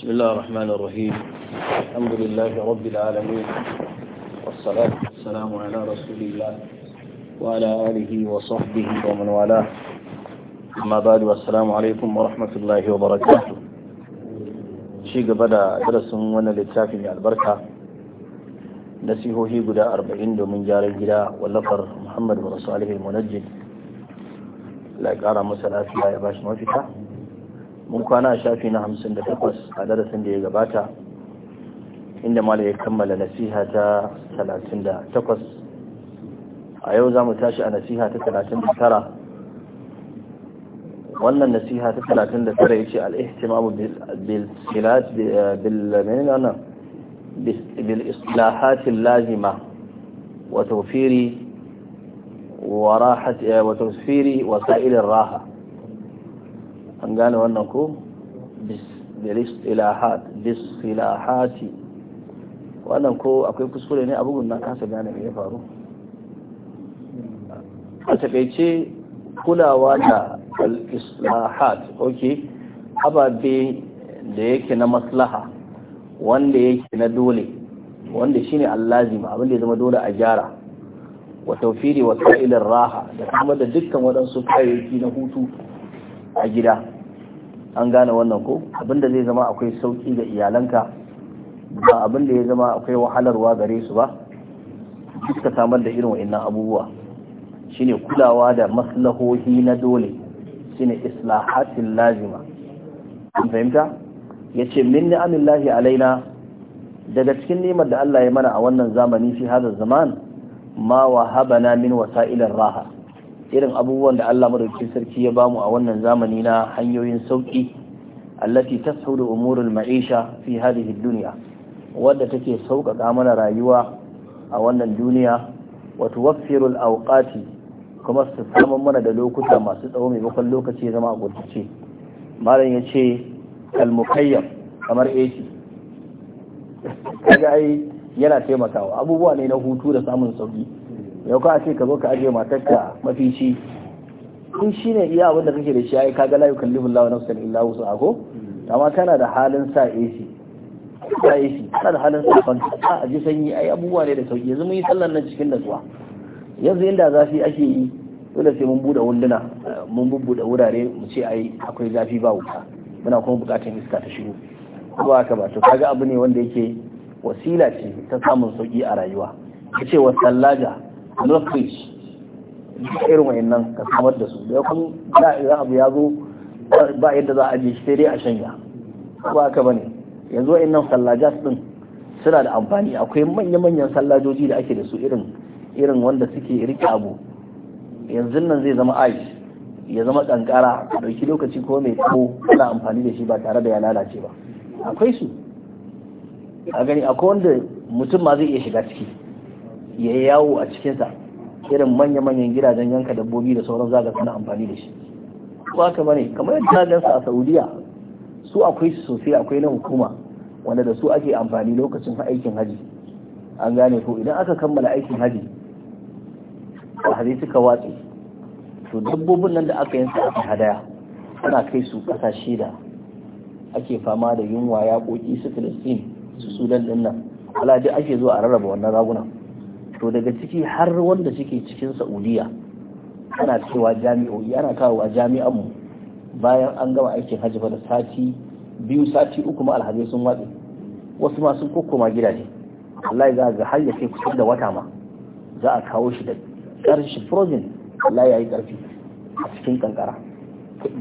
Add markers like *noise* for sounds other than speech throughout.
بسم الله الرحمن الرحيم الحمد لله رب العالمين والصلاة والسلام على رسول الله وعلى آله وصحبه ومن والاه أما بعد والسلام عليكم ورحمة الله وبركاته شيء بدأ درس من للتافي من البركة نسيه قد أربعين من جار الجلاء واللفر محمد ورسوله المنجد لا يقارى مسألة فيها يا باش مفتح mun kwana shafi na hamsin da takwas a darasin da ya gabata inda mala ya kammala nasiha ta talatin da takwas a yau za mu tashi a nasiha ta talatin da tara wannan nasiha ta talatin da tara ya ce al'ihtimamu bil islahatin lazima wa taufiri wa eh, wasa'ilin raha an gane wannan ko bisilahati wannan ko akwai kuskure ne abubuwan na kasa gane ne ya faru a takaice kulawa da al-islahat ok ababe da yake na maslaha wanda yake na dole wanda shine abin da ya zama dole a gyara wa taufiri wa sa'ilin raha da kuma da dukkan wadansu kayayyaki na hutu a gida an gane wannan ko abinda zai zama akwai sauki ga iyalanka ba abinda ya zama akwai wahalarwa gare su ba suka samar da irin wa'annan abubuwa shine kulawa da maslahohi na dole shine islahatin lazima An fahimta Ya ce min ni'amillahi alaina daga cikin nemar da Allah ya mana a wannan zamani shi hada zaman ma wa na min wasa'ilar raha irin abubuwan da Allah madaukakin sarki ya bamu a wannan zamani na hanyoyin sauki allati tashudu umurul ma'isha fi hadhihi dunya wadda take sauƙaƙa mana rayuwa a wannan duniya wa tuwaffiru awqati kuma su samu mana da lokuta masu tsawo bakon lokaci zama a gurtace malam ya ce mukayyam kamar AC kaga ai yana taimakawa abubuwa ne na hutu da samun sauki yau ka ce ka zo ka ajiye matarka mafici kun shi ne iya abin kake da shi ai kaga la yukallifu Allahu nafsan illa wusaha ko amma kana da halin sa AC sa AC kana da halin sa fanka a ji sanyi ai abubuwa ne da sauki yanzu mun yi sallar nan cikin natsuwa yanzu inda zafi ake yi dole sai mun buɗe wunduna mun bubbude wurare mu ce ai akwai zafi ba wuta muna kuma buƙatar iska ta shigo ba haka ba to kaga abu ne wanda yake wasila ce ta samun sauki a rayuwa kace wa sallaja northridge irin nan ka samar da su da kuma da idan abu ya zo ba yadda za a je shi sai dai a shanya ba haka bane yanzu nan sallajas din suna da amfani akwai manya-manyan sallajoji da ake da su irin irin wanda suke rike abu yanzu nan zai zama ice ya zama kankara a ɗauki lokaci ko mai tsawo ana amfani da shi ba tare da ya lalace ba akwai su a gani akwai wanda mutum ma zai iya shiga ciki ya yawo a cikinsa irin manya-manyan gidajen yanka dabbobi da sauran zaga suna amfani da shi ba ka bane kamar yadda su a saudiya su akwai su sosai akwai na hukuma wanda da su ake amfani lokacin aikin haji an gane ko idan aka kammala aikin haji a haji suka watse to dabbobin nan da aka yin su aka hadaya ana kai su kasashe da ake fama da yunwa ya ƙoƙi su filistin su sudan ɗin nan ake zuwa a rarraba wannan ragunan to daga ciki har wanda suke cikin saudiya ana cewa jami'o'i ana kawowa jami'an mu bayan an gama aikin hajji da sati biyu sati uku ma alhaji sun watsi wasu ma sun kokoma gidaje wallahi za ga har ya kai kusan da wata ma za a kawo shi da karshe frozen wallahi yayi ƙarfi a cikin kankara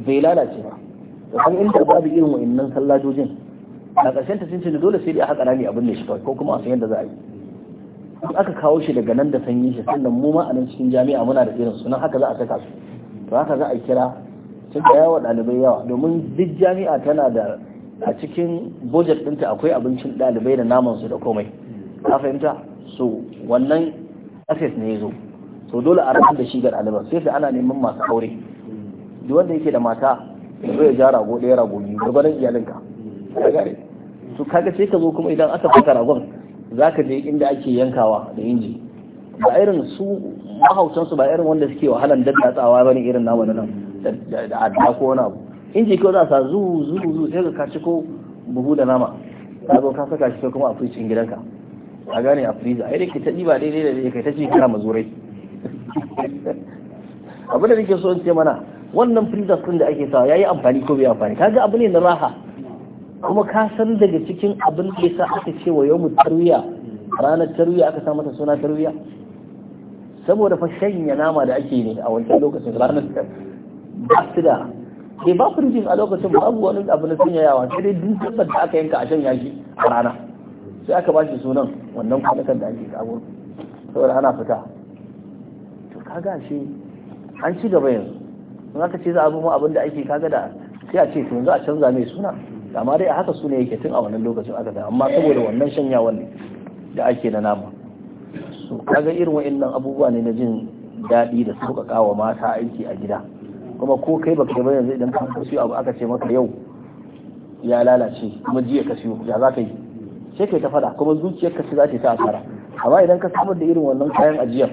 bai lalace ba kan inda babu irin wa'annan sallajojin a ƙarshen ta sun ce dole sai dai a haƙa rami abin da shi kawai ko kuma a san yadda za a yi in aka kawo shi daga nan da sanyi shi sannan mu ma a nan cikin jami'a muna da irin sunan haka za a saka su to haka za a kira sun da yawa ɗalibai yawa domin duk jami'a tana da a cikin budget ɗinta akwai abincin ɗalibai da naman su da komai ka fahimta so wannan access ne ya zo so dole a rabu da shi ga ɗaliban sai da ana neman masu aure duk wanda yake da mata zai ya ja rago ɗaya rago biyu gurbanin iyalinka ka gare to kaga sai ka zo kuma idan aka fata ragon za ka je inda ake yankawa da inji ba irin su mahaucansu ba irin wanda suke wahalan daddatsawa ba ne irin namu nan da adda ko wani abu inji kawai za sa zu zu zu sai ka kaci ko buhu da nama ka zo ka saka shi kuma a fridge gidanka a gane a freezer ai dai ta diba daidai da kai ta ci kana mazurai *laughs* abin da nake so in ce mana wannan freezer din da ake sawa yayi amfani ko bai amfani kaga abu ne na raha kuma ka san daga cikin abin da yasa aka ce wa mu tarwiya ranar tarwiya aka sa mata suna tarwiya saboda fa shanya nama da ake ne a wancan lokacin ranar ba su da ke eh, ba firjin a lokacin babu wani abu na yawa sai dai duk da aka yanka a shanya shi a rana sai aka ba shi sunan wannan kwanakan da ake kawo saboda ana fita to kaga shi an ci gaba yanzu in aka ce za a bi mu abin da ake kaga da sai a ce to yanzu a canza mai suna amma dai a haka su ne yake tun a wannan lokacin aka da amma saboda wannan shanyawan ne da ake na nama su kaga irin wa'annan abubuwa ne na jin daɗi da su ka kawo mata aiki a gida kuma ko kai baka ba yanzu idan ka siyo abu aka ce maka yau ya lalace kuma jiya ka siyo ya za ka yi sai kai ta fada kuma zuciyar ka ce za ta yi ta asara amma idan ka samar da irin wannan kayan ajiyar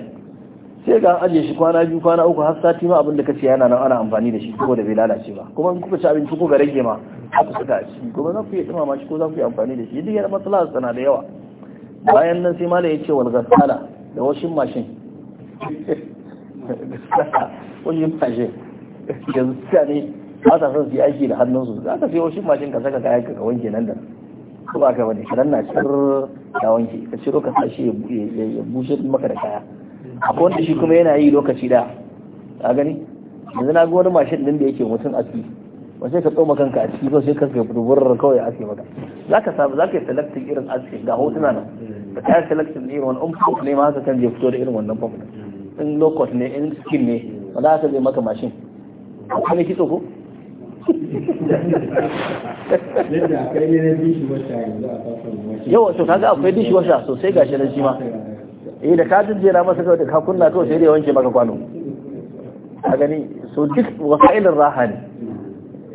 sai ga ajiye shi kwana biyu kwana uku har sati ma abin da kace yana nan ana amfani da shi ko da bai lalace ba kuma in kuka ci abinci ko ga rage ma haka suka a ciki kuma za ku iya ma shi ko za ku yi amfani da shi duk yana matsala sana da yawa bayan nan sai malai ya ce wal gasala da washin mashin *laughs* washin mashin yanzu ne ba ta son su yi aiki da hannunsu za ka sai washin mashin ka saka kayan ka wanke nan da ko ba ka bane ka na cir ka wanke ka ciro ka sashi ya bushe maka da kaya akwai wanda shi kuma yana yi lokaci da a gani yanzu na ga mashin din da yake mutum a ciki ba sai ka tsoma kanka a ciki ko sai ka duburar kawai a maka za ka samu za ka yi selectin irin aski ga hotuna nan ba ta yi selectin irin wani umfok ne ma haka kan je fito da irin wannan pump in low ne in skin ne ba za ka zai maka mashin akwai kitso ko yawa to kaga akwai dishi washa sosai gashi na shi ma eh da ka na masa kawai da ka kunna kawai sai da wanke maka kwano a gani so duk wasa'ilin raha ne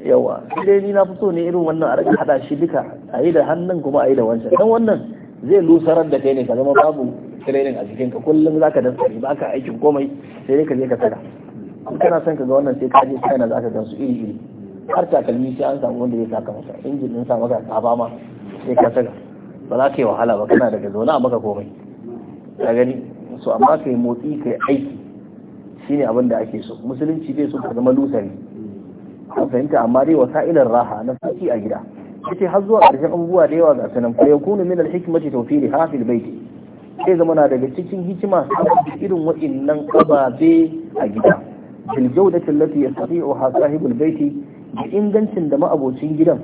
yawa sai ni na fito ne irin wannan a rage hada shi duka a yi da hannun kuma a yi da wancan dan wannan zai lusarar da kai ne ka zama babu training a jikinka kullum zaka dan tsari ba ka aikin komai sai dai ka je ka tsara in kana son ka ga wannan sai ka je na zaka gan su iri iri har takalmi sai an samu wanda zai saka masa injin din sa maka tsaba ma sai ka saka ba za ka yi wahala ba kana daga zaune a maka komai ka gani su amma kai motsi kai aiki shine abin da ake so musulunci bai so ka zama lusari an fahimta amma dai wasa'ilar raha na saki a gida yace har zuwa ƙarshen abubuwa da yawa ga sanan ya yakunu min al-hikmati tawfiri ha fil bayt sai zama na daga cikin hikima irin wa'annan ababe a gida bil jawdati allati yastati'uha sahibul baiti da ingancin da ma'abocin gidan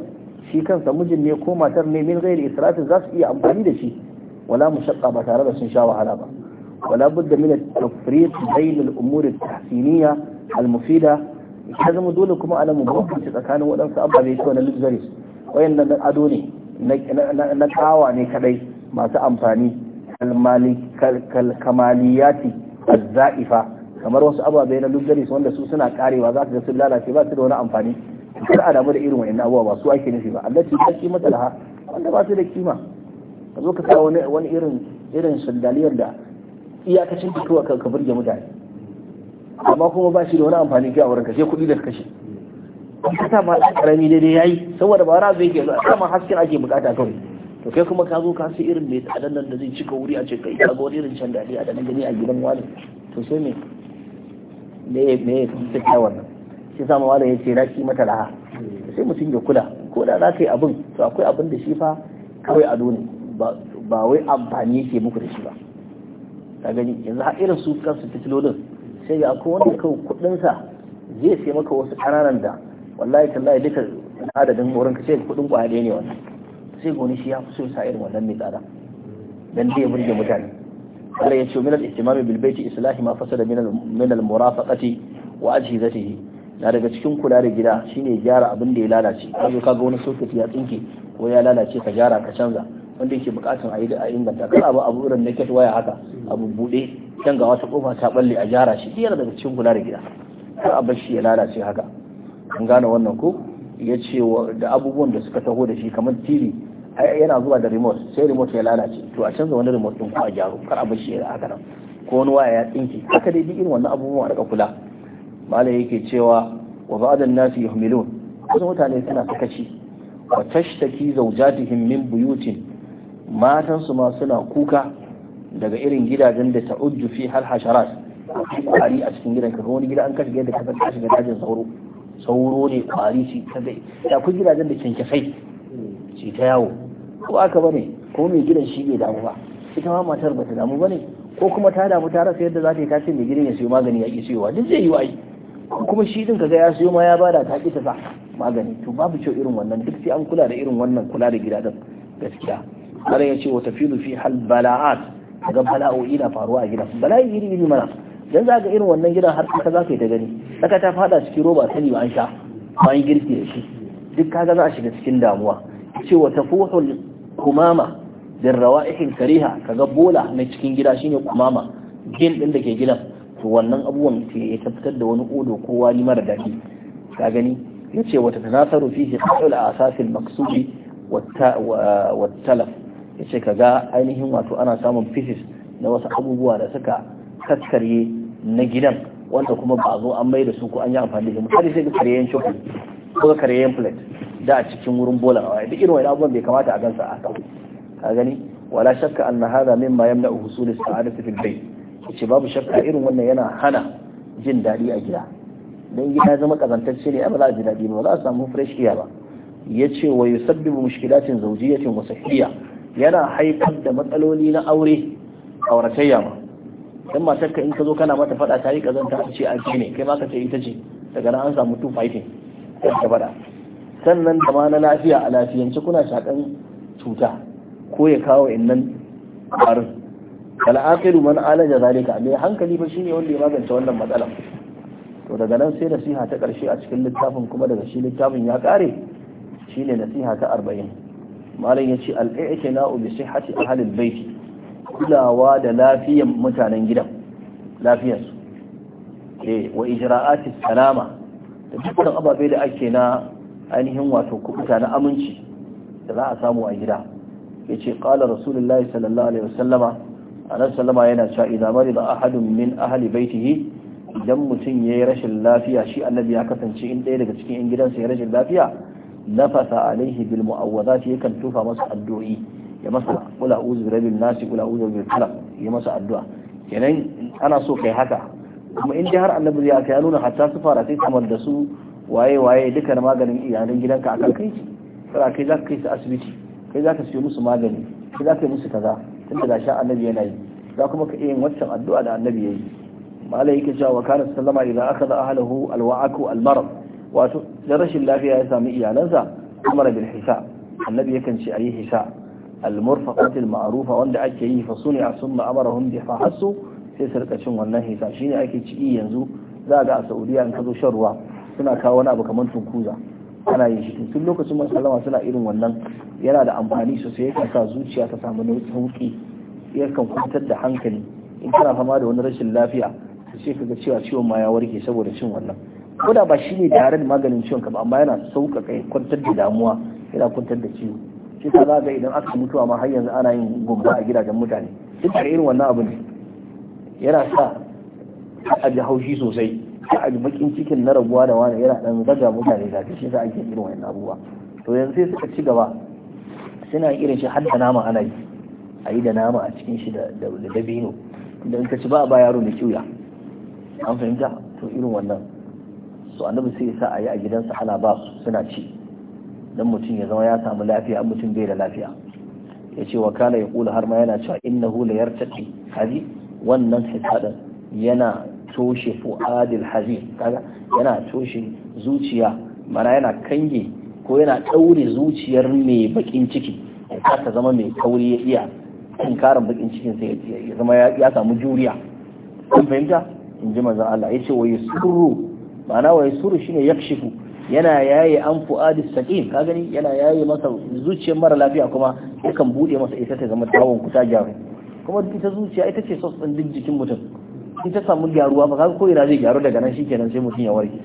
shi kansa mijin ne ko matar ne min ghairi israfin za su iya amfani da shi wala mushaqqa ba tare da sun sha wahala ba wala budda min at-tafriq bayn al-umur at-tahsiniyya al-mufida ya zama dole kuma ana mabambanci tsakanin waɗansu ababe shi wani luxuries wayannan ado ne na kawa ne kadai masu amfani kalmaliyati azza'ifa kamar wasu ababe na luxuries wanda su suna karewa za ka ga sun lalace ba su da wani amfani kar a damu da irin wa'annan abubuwa ba su ake nufi ba allaci ta kimata laha wanda ba su da kima ka zo ka sa wani irin irin sandaliyar da iyakacin fitowa ka ka burge mutane amma kuma ba shi da wani amfani kai a wurin kashe kuɗi da ka kashe ka sa masu ɗan ƙarami daidai yayi saboda ba ra zai ke zo a ma hasken ake bukata kawai to kai kuma ka zo ka sai irin mai tsadan nan da zai cika wuri a ce kai ka ga wani irin sandaliya da na gani a gidan wani to sai me me me ya wannan shi sa mawala ya ce raki mata laha sai mutum ya kula ko da za ka yi abin to akwai abin da shi fa kawai ado ne ba wai amfani yake muku da shi ba ka gani yanzu har irin su kansu fitilolin sai ga akwai wanda kawai kudinsa zai sai maka wasu kananan da wallahi tallahi duka adadin wurin ka sai kudin kwaya ɗaya ne wannan sai goni shi ya fi so sa irin wannan mai tsada dan zai burge mutane Allah ya ce min al-ihtimami bil islahi ma fasada min min al-murafaqati wa ajhizatihi na daga cikin kula da gida shine gyara abin da ya lalace ka kaga wani soket ya tsinke ko ya lalace ka gyara ka canza wanda yake bukatun a yi a inganta kar abu abu irin naked waya haka abu bude can ga wata kofa ta balle a gyara shi yana daga cikin kula da gida kar a bar shi ya lalace haka an gane wannan ko ya ce da abubuwan da suka taho da shi kamar tv yana zuwa da remote sai remote ya lalace to a canza wani remote din ko a gyaro kar a bar shi ya haka nan ko wani waya ya tsinke haka dai irin wannan abubuwan a rika kula malai yake cewa wa an nasi yuhmilun wasu mutane suna sakaci wa tashtaki zawjatihim min buyutin matansu ma suna kuka daga irin gidajen da ta'ujju fi har hasharat kwari a cikin gidan kaga wani gida an kashe da kasan kashe da dajin sauro sauro ne kwari ci ta dai ya ku gidajen da kyankyasai ci ta yawo ko aka bane ko mai gidan shi bai damu ba ita ma matar bata damu bane ko kuma ta damu ta rasa yadda za ta yi ta ce mai gidan ya sayo magani ya ki sayowa duk zai yi wa kuma shi din kaga ya sayo ma ya bada ta ki ta sa magani to babu kyau irin wannan duk sai an kula da irin wannan kula da gidajen gaskiya har ya ce wata filu fi hal bala'at ga bala'o'i na faruwa a gidan bala'i iri iri mana dan za ga irin wannan gidan har ka za ka yi ta gani saka ta fada cikin roba sani ba an sha bayan girki da shi duk kaga za a shiga cikin damuwa ce wata tafuhul kumama bin rawa'ihin kariha kaga bola na cikin gida shine kumama gin din da ke gidan to wannan abubuwan ke ya tabbatar da wani odo ko wani mara daɗi ka gani yace wata tanasaru fihi qawl asasil maqsudi wa talaf sai ka ga ainihin wato ana samun pieces na wasu abubuwa da suka kaskare na gidan wanda kuma ba zo an mai da su ko an yi amfani da misali sai ga kareyen cokali ko kareyen plate da a cikin wurin bola a duk irin wani abubuwan bai kamata a gansa a haka ka gani wala shakka an na hada min mimma yamna su sa'adati fil bayt ce babu shakka irin wannan yana hana jin daɗi a gida dan gida ya zama kazantacce ne ba za a ji daɗi ba za a samu fresh air ba yace wa yusabbibu mushkilatin zawjiyatin wa sahiyya yana haifar da matsaloli na aure a auratayya ma Don matar ka in ka zo kana mata fada ta yi kazanta a ce a ce ne kai ma ka ce ita ce daga nan an samu two fighting ka fada sannan da ma na lafiya a lafiyance kuna shakan cuta ko ya kawo innan ƙwarin al'aqilu man alaja zalika mai hankali ba shine wanda ya magance wannan matsala? to daga nan sai nasiha ta ƙarshe a cikin littafin kuma daga shi littafin ya ƙare shine nasiha ta arba'in malam ya ce al'aike na ubi sai ahalin baiti kulawa da lafiyan mutanen gidan lafiyarsu ke eh, wa ijira'ati salama da dukkan ababe da ake na ainihin wato kubuta na aminci da za a samu a gida yace qala rasulullahi sallallahu alaihi wasallama nan sallama yana cewa idan mari da ahadun min ahli baitihi idan mutum ya yi rashin lafiya shi annabi ya kasance in ɗaya daga cikin yan gidansa ya rashin lafiya nafasa alaihi bil shi yakan tufa masa addu'o'i ya masa kula uzu bi rabbil nas kula uzu bil falaq ya masa addu'a kenan ana so kai haka kuma in dai har annabi ya kai nuna hatta su fara sai kamar da su waye waye dukkan maganin iyalan gidanka akan kai ki sai kai za ka kai su asibiti kai za ka siyo musu magani kai za ka yi musu kaza tunda da sha annabi yana yi za kuma ka iya yin waccan addu'a da annabi yayi malai yake cewa kana sallama idan akhadha ahlihi alwa'aku almarad wato da rashin lafiya ya sami iyalansa amara bil hisa annabi yakan ce ayi hisa al ma'arufa ma'rufa wanda ake yi fa suni summa amarahum bi fa hasu sai su rika cin wannan hisa shine ake ci yanzu za ga a Saudiya in ka zo shan ruwa suna kawo wani abu kamar tunkuza ana yin shi tun lokacin man suna irin wannan yana da amfani sosai yakan sa zuciya ta samu sauki yakan kwantar da hankali in kana fama da wani rashin lafiya sai kaga cewa ciwon ma ya warke saboda cin wannan ko da ba shi ne da da maganin ciwon ka ba amma yana sauƙaƙa kwantar da damuwa yana kwantar da ciwo shi ka zaga idan aka mutuwa ma har yanzu ana yin gumba a gidajen mutane duk da irin wannan abu ne yana sa a ji haushi sosai ka a ji bakin cikin na rabuwa da wani yana dan zaga mutane da shi sa ake irin wannan abubuwa to yanzu sai suka ci gaba suna irin shi har da nama ana yi a yi da nama a cikin shi da dabino da in ka ci ba a ba yaro da kiuya an fahimta to irin wannan su annabi sai sa a yi a gidansa ana ba su suna ci dan mutum ya zama ya samu lafiya mutum bai da lafiya ya ce wa kana ya kula har ma yana cewa innahu la yartaqi hazi wannan hisadan yana toshe fu'adil hazi kaga yana toshe zuciya mana yana kange ko yana ɗaure zuciyar mai bakin ciki ya ta zama mai kauri ya iya in karin bakin cikin sai ya zama ya samu juriya kun fahimta in ji manzon Allah yace wa yusurru ma'ana wa yasuru shine yakshifu yana yayi an fu'adi saqim ka gani yana yayi masa zuciyar mara lafiya kuma yakan bude masa ita ta zama tawon kuta gyaru kuma ita zuciya ita ce sos din duk jikin mutum in ta samu gyaruwa ba kaga ko ina zai gyaru daga nan shikenan sai mutum ya warke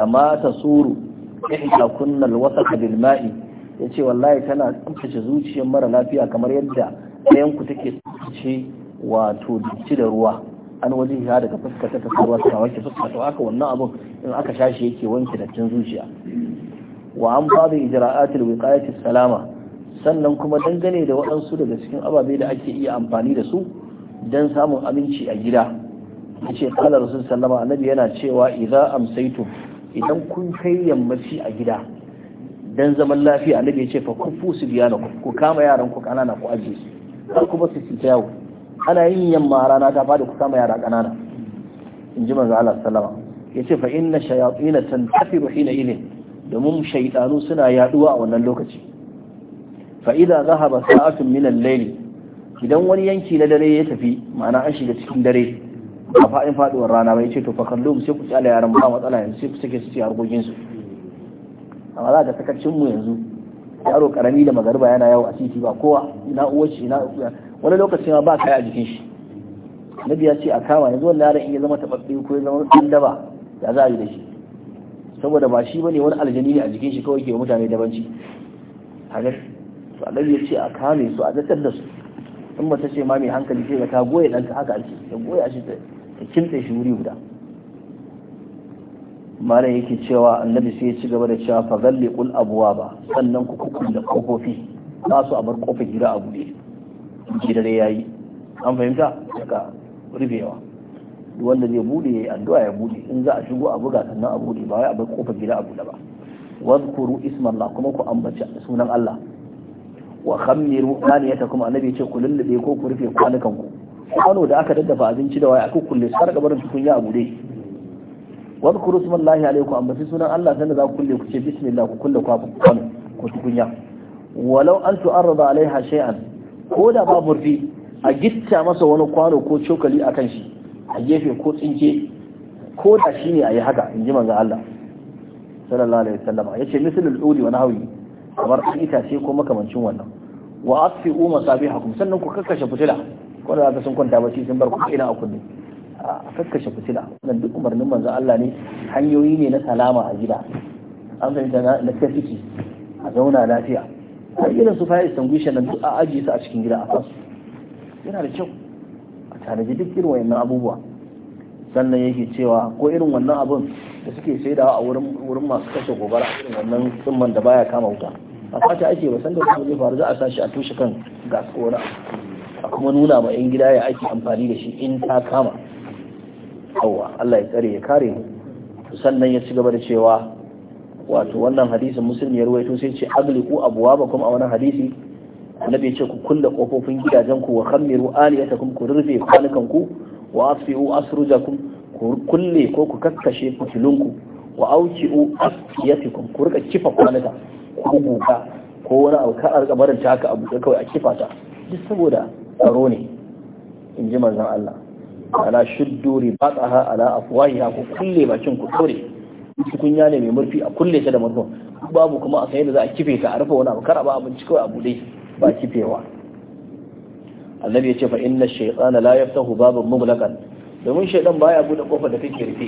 amma tasuru ihda kunna alwasaq bil ma'i yace wallahi tana tsaftace zuciyar mara lafiya kamar yadda ɗayan ku take tsaftace wato dukci da ruwa an waje ya daga fuskar ta kasuwa ta wanke fuska to aka wannan abun in aka shashi yake wanke dattin zuciya wa an ba da ijra'atul wiqayati salama sannan kuma dangane da waɗansu daga cikin ababe da ake iya amfani da su don samun aminci a gida yace qala rasul sallama annabi yana cewa idza amsaytu idan kun kai yammaci a gida dan zaman lafiya annabi yace fa kufu su biya ku kama yaran ku kanana ku aje su ku ba su yawo ana yin yamma rana ta fadi kusa mai yara ƙanana in ji manzo Allah sallama yace fa inna shayatin tantafiru hina ile domin shaydanu suna yaduwa a wannan lokaci fa idza zahaba sa'atun min al-layl idan wani yanki na dare ya tafi ma'ana an shiga cikin dare a fa'in faduwar rana ba ya ce to fa kallu sai ku tsala yaran ba matsala yanzu sai ku sake su ci argogin su amma za ka sakacin mu yanzu yaro karami da magarba yana yawo a titi ba kowa ina uwaci ina wani lokacin ba kai a jikin shi nabi ya ce a kama yanzu wannan yaron in ya zama tababbe ko ya zama daba ya za a yi da shi saboda ba shi bane wani aljani ne a jikin shi kawai ke mutane dabanci hagar to annabi ya ce a kame su a datar da su in ba ta ce ma mai hankali sai ga ta goye ɗanka haka ake ta goya shi ta kintse shi wuri guda malam yake cewa annabi sai ya ci gaba da cewa fa zalli qul abwaba sannan ku kukkun da kofofi ba su a bar kofar gida a buɗe in dare ya yi an fahimta daga rufewa wanda zai bude ya yi addu'a ya bude in za a shigo a buga sannan a bude ba wai a bar kofar gida a bude ba wazkuru ismallah kuma ku ambaci sunan Allah wa khammiru kuma annabi ce ku lullube ko ku rufe kwanukan ku kwano da aka daddafa abinci da waya aka kulle har ga barin tukunya a bude wazkuru ismallah alaikum ambaci sunan Allah sannan za ku kulle ku ce bismillah ku kulle kwano ko tukunya walau an tu'arrada alaiha shay'an ko da ba murfi a gitta masa wani kwano ko cokali a kan shi a gefe ko tsinke ko da shi ne a yi haka in ji manzan Allah sallallahu alaihi sallama. ya ce misalul uli wani nahwi kamar itace ko makamancin wannan wa asfi'u masabihakum sannan ku kakkashe fitila ko da zaka sun kwanta bacci sun bar ku ina a kunne a kakkashe fitila wannan duk umarnin manzan Allah ne hanyoyi ne na salama a gida an fahimta na tafiki a zauna lafiya har irin su fire extinguisher nan duk a ajiye su a cikin gida a kasu yana da kyau a tanaji duk irin wayannan abubuwa sannan yake cewa ko irin wannan abun da suke saidawa a wurin masu kashe gobara irin wannan tsumman da baya kama wuta a fata ake ba da kuma zai faru za a sashi a toshe kan gas a kuma nuna ma yan gida ya ake amfani da shi in ta kama yawa Allah ya tsare ya kare sannan ya ci gaba da cewa wato wannan hadisin muslim ya ruwaito sai ce agliku abwabakum a wannan hadisi annabi ya ce ku kulle kofofin gidajen ku wa khammiru aliyatakum ku rufe kwanukan ku wa asfi'u asrujakum ku kulle ko ku kakkashe fitilunku wa auki'u asfiyatikum ku rika kifa kwanuka ku guga ko wani abu kar rika barin ta haka abu kawai a kifa ta duk saboda tsaro ne in ji manzon Allah ala shuddu ribataha ala afwahiha ku kulle bakin ku dore tukunya ne mai murfi a kulle ta da murfin babu kuma a sanya da za a kife ta a rufe wani abu kar ba abinci kawai abu dai ba kifewa annabi ya ce fa inna shaytana la yaftahu baban mughlaqan domin shaytan baya bude kofa da take rufe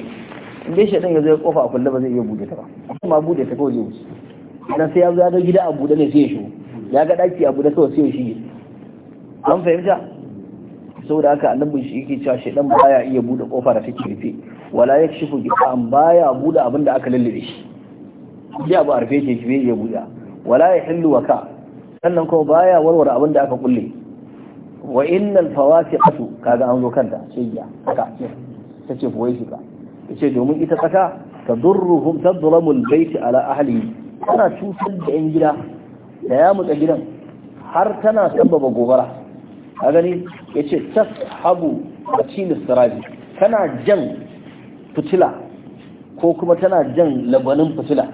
in dai shaytan ya zo kofa a kulle ba zai iya bude ta ba kuma bude ta kawai zai wuce idan sai ya zo ya ga gida a bude ne sai ya shigo ya ga daki a bude kawai sai ya shige an fahimta saboda haka annabi shi yake cewa shaytan baya iya bude kofa da take rufe wala ya shi an baya buɗe abin da aka lullube shi ya ba a rufe shi bai iya buɗe wala ya hillu ka. sannan kuma baya warware abin da aka kulle wa innal fawasiqatu kaga an zo kanta ya haka ta ce fuwai shi ka ta ce domin ita tsaka ta durruhum baiti ala ahlihi tana cutar da yan gida da ya mutsa gidan har tana sababa gobara a gani ya ce ta habu a cinis sarabi tana jan fitila ko kuma tana jan labanin fitila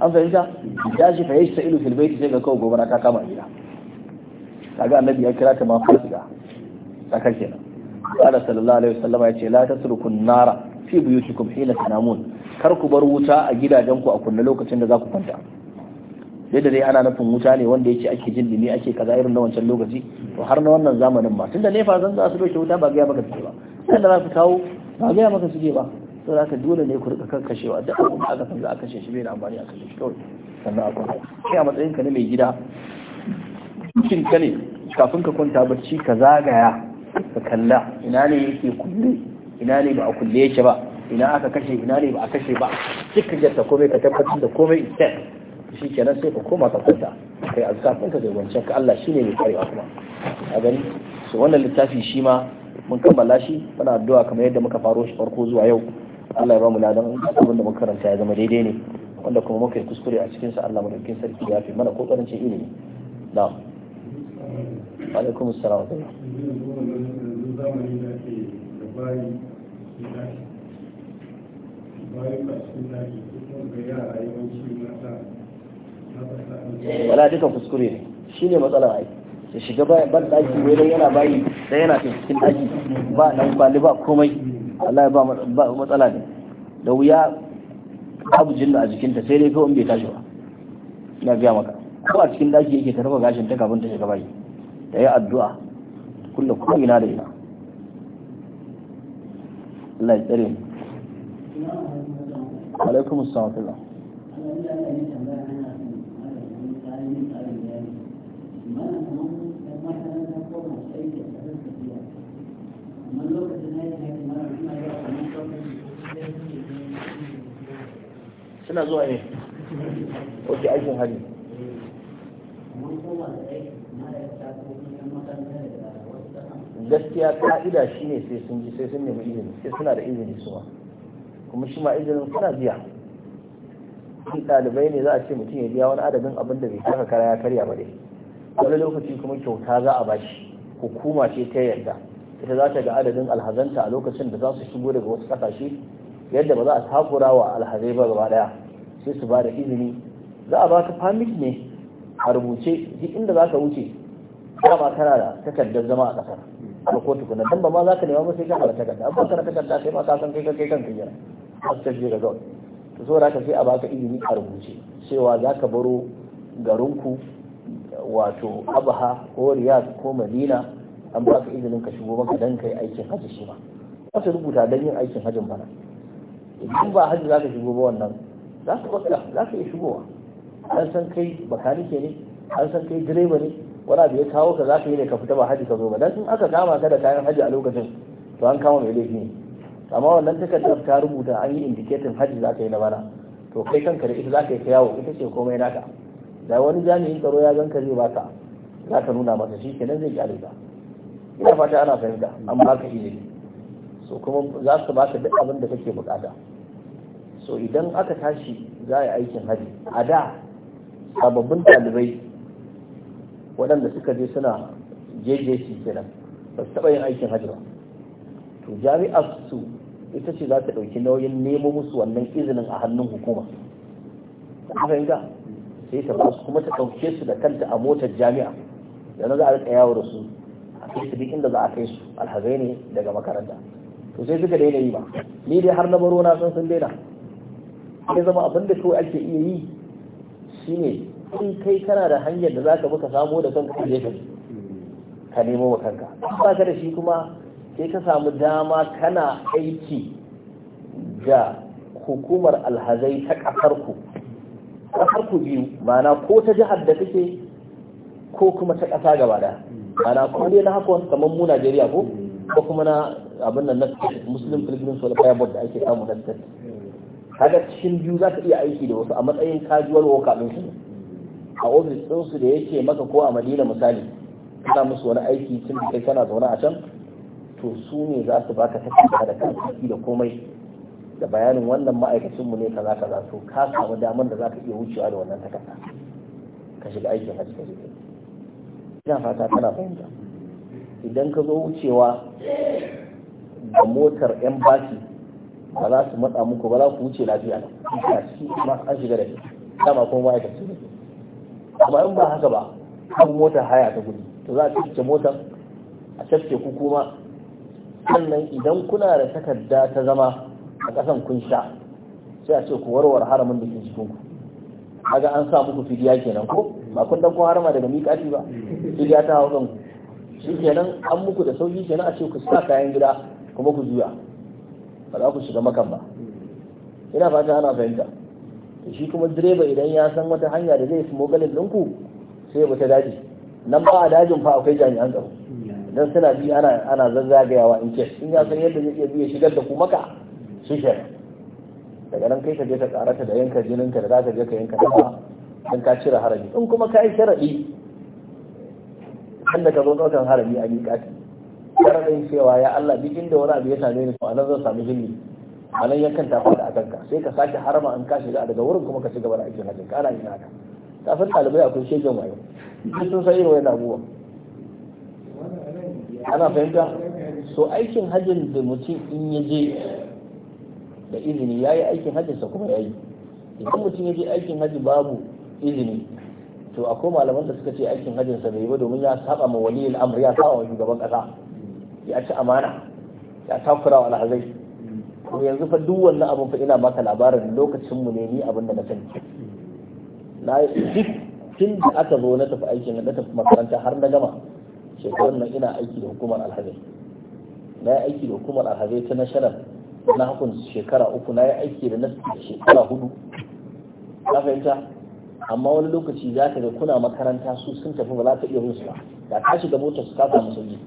an fahimta ya shi fa yashta ilu fil baiti sai ga gobara ta kama gida kaga annabi ya kira ta ma shiga sakar kenan qala sallallahu alaihi ya ce la tasrukun nara fi buyutikum hina tanamun kar ku bar wuta a gidajen ku a kunna lokacin da za ku kwanta yadda dai ana nufin wuta ne wanda yake ake jin dumi ake kaza irin na wancan lokaci to har na wannan zamanin ma tunda nefa zan za su doke wuta ba ga maka suke ba sai da za su kawo ba ga maka suke ba to za ka dole ne ku rika kakkashewa duk abin da aka san za a kashe shi bai da amfani a kashe shi kawai sannan a kwanta kai a matsayin ka ne mai gida cikin ka ne kafin ka kwanta barci ka zagaya ka kalla ina ne yake kulle ina ne ba a kulle yake ba ina aka kashe ina ne ba a kashe ba cikin jarta komai ka tabbatar da komai instead shi kenan sai ka koma ka kwanta kai a azkafin ka zai wancan ka Allah shi ne mai karewa kuma a gani so wannan littafi shi ma mun kammala shi muna addu'a kamar yadda muka faro shi farko zuwa yau Allah ya ba mu ladan abin da muka karanta ya zama daidai ne wanda kuma muka yi kuskure a cikin sa Allah madaukakin sarki ya fi mana ko karancin ilimi na'am alaikum assalam wala duka kuskure ne shine matsalar ai ya shiga ban daki wai yana bayi sai yana cikin daki ba dan kwali ba komai ya ba matsala ne da wuya abu jinna a jikinta sai dai kawai bai tashi ba ina biya maka ko a cikin daki yake ta rufe gashin ta kafin ta shiga bayi da ya addu'a kullum ko ina da ina Allah ya tsare mu alaikum assalam Allah suna zuwa ne wace aikin hari gaskiya ka'ida shi ne sai sun ji sai sun nemi izini sai suna da izini suwa kuma shi ma izinin suna biya in ɗalibai ne za a ce mutum ya biya wani adadin abin da bai kaka kara ya karya ba dai wani lokaci kuma kyauta za a bashi hukuma ce ta yarda ita za ta ga adadin alhazanta a lokacin da za su shigo daga wasu ƙasashe yadda ba za a takura wa alhazai ba gaba ɗaya sai su ba da izini za a baka permit ne a rubuce duk inda za ka wuce ba ma kana da takardar zama a ƙasar a ko kuna dan ba ma za ka nema ba sai ka da takarda amma kana takarda sai ma ka san kai kai kanka ya har ta je ga to so ka sai a baka izini a rubuce cewa za ka baro garinku wato abaha ko riyad ko madina an ba ka izinin ka shigo maka dan kai aikin hajji shi ba su rubuta dan yin aikin hajjin bana idan ba hajji za ka shigo ba wannan za su baka za su yi shigowa an san kai bakanike ne an san kai direba ne wani abu ya kawo ka za ka yi ne ka fita ba haji ka zo ba dan sun aka kama ka da kayan haji a lokacin to an kama mai laifi ne amma wannan takardar ta rubuta an yi indiketin haji za ka yi na bana to kai kanka da ita za ka yi ta yawo ita ce komai naka da wani jami'in tsaro ya ganka zai baka za ka nuna masa shi kenan zai gyara ka ina fata ana fahimta an baka ilimi so kuma za su baka duk abin da kake bukata so idan aka tashi za a yi aikin hajji a da sababbin ɗalibai waɗanda suka je suna jjc kenan ba su taɓa yin aikin hajji ba to jami'ar su ita ce za ta ɗauki nauyin nemo musu wannan izinin a hannun hukuma fahimta sai ta basu kuma ta ɗauke su da kanta a motar jami'a da za a rika yawo da su a kai su duk inda za a kai su alhazai ne daga makaranta to sai suka daina yi ba ni dai har na baro na san sun daina ya zama abin da kawai ake iya yi shine in kai kana da hanyar da zaka baka samu da kanka a ka ka nemo wa kanka ba ka da shi kuma sai ka samu dama kana aiki da hukumar alhazai ta kasar ku biyu ma'ana ko ta jihar da kake ko kuma ta kasa gaba da ma'ana ko dai na haka kamar mu Najeriya ko ko kuma na abin nan na Muslim Pilgrims Welfare Board da ake samu nan kaga cikin biyu za ka iya aiki da wasu a matsayin casual worker din su a ofis din su da yake maka ko a Madina misali kana musu wani aiki tun da kai kana zaune a can to su ne za su baka takarda da kantaki da komai da bayanin wannan ma'aikacin mu ne kaza kaza to ka samu damar da za ka iya wucewa da wannan takarda ka shiga aikin hajji ka shiga ina fata kana fahimta idan ka zo wucewa da motar yan baki ba za su matsa muku ba za ku wuce lafiya na? shi ma an shiga da shi dama kuma ya ne amma in ba haka ba kan motar haya ta gudu to za a cike motar a cafke ku kuma sannan idan kuna da takarda ta zama a ƙasan kun sha sai a ce ku warware haramin da ke cikin ku kaga an sa muku fidiya kenan ko ba kun dan kun harama daga miƙati ba fidiya ta hau kan ku shi kenan an muku da sauki kenan a ce ku sa kayan gida kuma ku juya ba za ku shiga makan ba ina fata ana fahimta shi kuma direba idan ya san wata hanya da zai galin ɗinku sai ba ta daji nan ba a dajin fa akwai jami'an tsaro dan suna bi ana ana zazzagayawa in ce in ya san yadda zai iya shigar da ku maka shi daga nan kai ka je ka ta da yanka jininka da za ka je ka yanka dafa dan ka cire harabi in kuma ka yi sharaɗi wanda ka zo ɗaukan harami a miƙati da cewa ya Allah duk inda wani abu ya same ni to anan zan sami hilli anan ta tafi da akanka sai ka sake harama an ka shiga daga wurin kuma ka shiga bara da aikin hajji kana yin haka ta san talibai akwai shegen wayo duk sun san irin wannan abubuwa ana fahimta so aikin hajjin da mutum in ya je da izini ya yi aikin sa kuma ya yi idan mutum ya je aikin hajji babu izini to akwai malaman da suka ce aikin hajjinsa bai yi ba domin ya saba ma waliyul amr ya saba wa shugaban kasa ya ci amana ya takura wa alhazai to yanzu fa duk wannan abin fa ina maka labarin lokacin mu ne ni abin da na sani na duk tun da aka zo na tafi aikin na tafi makaranta har na gama shekarun nan ina aiki da hukumar alhazai na yi aiki da hukumar alhazai ta national na hakun shekara uku na yi aiki da na shekara hudu na fahimta amma wani lokaci za ka ga kuna makaranta su sun tafi ba za ta iya musu ba da ka shiga motar su ka musulmi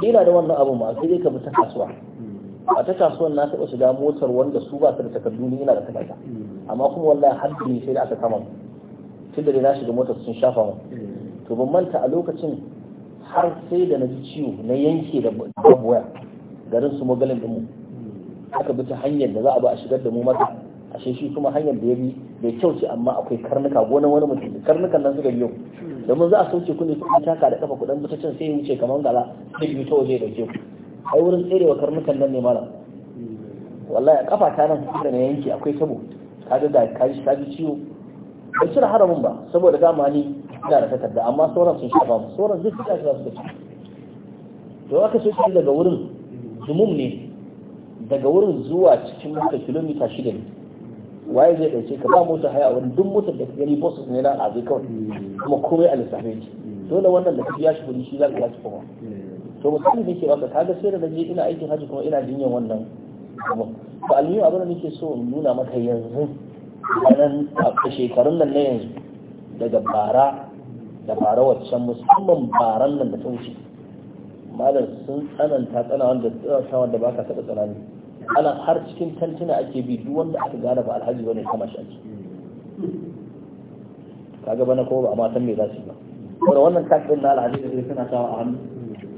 dila da wannan abin ma sai dai ka bi ta kasuwa a ta kasuwan na taɓa shiga motar wanda su ba su da takardu ni ina da takarda amma kuma wallahi har ne sai da aka kama tun da na shiga motar sun shafa mu to ban manta a lokacin har sai da na ji ciwo na yanke da babuwa waya garin su magalin mu aka bi ta hanyar da za a ba a shigar da mu mata ashe shi kuma hanyar da ya bi bai kyau ce amma akwai karnuka gonan wani mutum da karnukan nan suka biyo domin za a sauke ku ne ku taka da kafa kudan mutacin sai ya wuce kamar gala sai biyu ta waje ya dauke ku ai wurin tserewa karnukan nan ne malam wallahi a kafa ta nan da na yanki akwai tabo kaga da kaji kaji ciwo bai cire haramin ba saboda dama ni ina da takarda amma sauran sun shafa mu sauran duk suka shafa suka ci to aka soke daga wurin zumum ne daga wurin zuwa cikin maka kilomita shida ne waye zai dauke ka ba mota haya wani duk mota da gani boss ne na azai kawai kuma komai a lissafe yake dole wannan da ka ya shi kudi shi za ka ba kuma to misali ne ke ka kaga sai da naje ina aikin hajji kuma ina jinyan wannan kuma to abin da nake so in nuna maka yanzu nan a shekarun nan na yanzu daga bara da bara wancan musamman baran nan da ta wuce malam sun tsananta tsana wanda ba da baka taɓa tsanani ana har cikin tantuna ake bi duk wanda aka gane ba alhaji bane kama shi ake kaga bana ko ba amma san me za su ba wanda wannan kafin na alhaji da suna sawa a hannu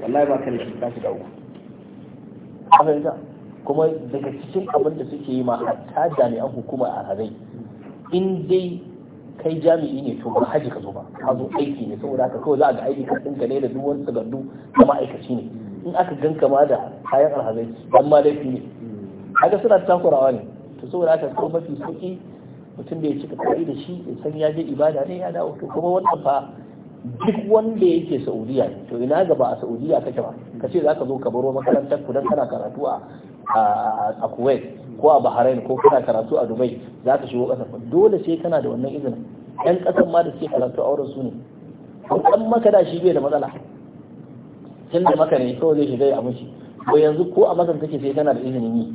wallahi ba ka da shi kashi da uku afirka kuma daga cikin abin da suke yi ma hatta jami'an hukuma a alhazai in dai kai jami'i ne to ba haji ka zo ba ka zo aiki ne saboda haka kawai za a ga aiki ka tsinka ne da duk wani takardu da ma'aikaci ne in aka ganka ma da kayan alhazai dan ma laifi ne kaga suna takurawa ne to saboda haka ko mafi sauki mutum da ya cika kai da shi ya san ya je ibada ne ya dawo to kuma wannan fa duk wanda yake Saudiya to ina ga ba a Saudiya kake ba kace zaka zo ka baro makarantar ku dan kana karatu a a Kuwait ko a Bahrain ko kana karatu a Dubai zaka shigo kasar dole sai kana da wannan izinin yan kasan ma da suke karatu auren su ne dan maka da shi bai da matsala tun da maka ne kawai zai shiga ya mushi ko yanzu ko a masan kake sai kana da izinin yi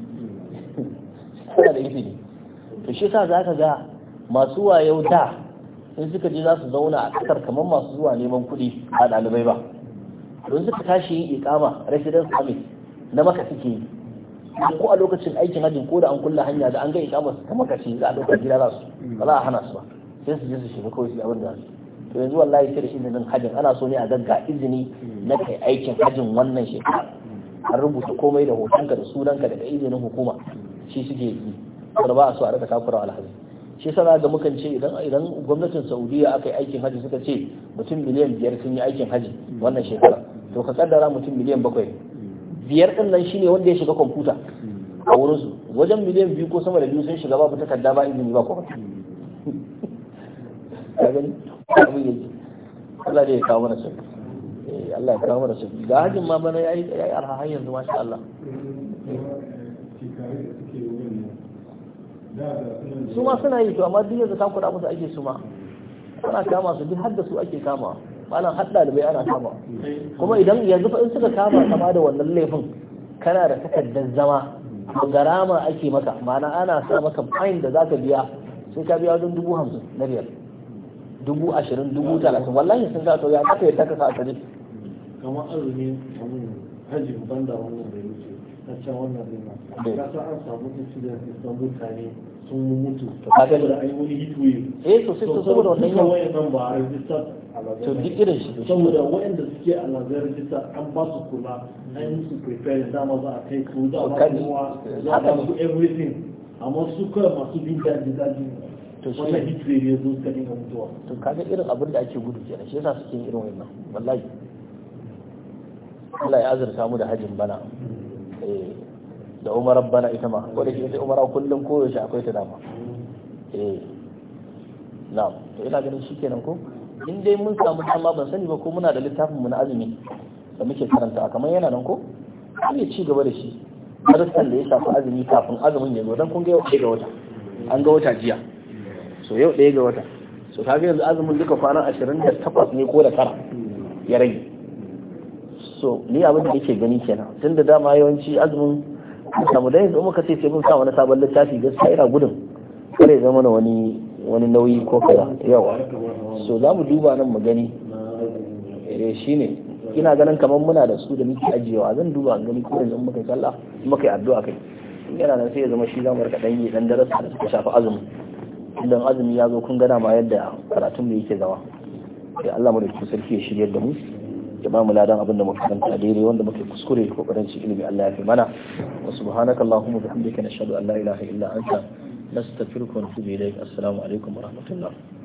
suna da izini to shi za zaka ga masu wayo da in suka je za su zauna a kasar kamar masu zuwa neman kuɗi a ɗalibai ba don suka tashi yin ikama residence permit na maka suke yi ko a lokacin aikin hajjin ko da an kulle hanya da an ga ikama su ta maka ce za a lokacin gida za su ba za a hana su ba sai su je su shiga kawai su abin da su to yanzu wallahi sai da izinin hajjin ana so ne a gagga izini na kai aikin hajjin wannan shekara an rubuta komai da hotonka da sunanka daga izinin hukuma shi suke yi kuma ba su so a rika takura alhaji shi yasa ga mukan ce idan idan gwamnatin Saudiya aka yi aikin haji suka ce mutum miliyan biyar sun yi aikin haji wannan shekara to ka kaddara mutum miliyan bakwai biyar din nan shine wanda ya shiga kwamfuta a wurin su wajen miliyan biyu ko sama da biyu sun shiga babu takarda ba izini ba kuma ka gani abin yake Allah ya kawo mana sauki eh, Allah ya kawo mana sauki ga hajin ma bana yayi yayi arha yanzu masha Allah su ma suna yi to amma duk yanzu kan kuɗa musu ake su ma ana kama su duk hadda su ake kama malam har ɗalibai ana kama kuma idan yanzu fa in suka kama kama da wannan laifin kana da takardar zama garama ake maka ma'ana ana sa maka fine da zaka biya sai ka biya wajen dubu hamsin na biyar dubu ashirin dubu talatin wallahi sun ga to ya kaka yadda ka sa a kamar azumi hajji ban da wannan bai can wannan rima ka san an samu incident da mutane sun mutu saboda ai wani hitwe eh to sai saboda wannan yawan wayannan ba a register to duk irin shi saboda wayanda suke a Lazar register an ba su kula an yi su prepare ma za a kai su za a ba su eh, za a su everything amma su kawai masu bin daji daji to shi wannan hitwe ne zo suka dinga mutuwa to kaga irin abin da ake gudu kenan shi yasa suke irin wannan wallahi Allah ya azurta mu da hajin bana Eh, da umar bana ita ma ko da shi sai umara kullum koyaushe akwai ta dama eh na'am to ina ganin shikenan ko in dai mun samu dama ban sani ba ko muna da littafin mu na azumi da muke karanta kamar yana nan ko an yi ci gaba da shi darussan da ya shafi azumi kafin azumin ya zo dan kun ga yau ɗaya ga wata an ga wata jiya so yau ɗaya ga wata so kaga yanzu azumin duka kwanan ashirin da takwas ne ko da tara ya rage so ni abin da yake gani kenan tunda dama yawanci azumin samu dai in muka ce sai mun sa wani sabon littafi gaskiya ina gudun kare zama na wani wani nauyi ko kaza yawa so za mu duba nan mu gani eh shine ina ganin kamar muna da su da muke ajiyewa zan duba an gani ko yanzu muka yi sallah muka yi addu'a kai yana nan sai ya zama shi zamu rika dan yi dan darasa da suka shafi azumi idan azumi ya zo kun gana ma yadda karatun da yake zama ya Allah mu da sarki ya shirye da mu ya ba mu ladan abin da muka kanta daidai wanda muke kuskure ko karanci ilimi Allah ya fi mana wa subhanaka allahumma bihamdika nashhadu an la ilaha illa anta nastaghfiruka wa natubu ilayk assalamu alaikum wa rahmatullah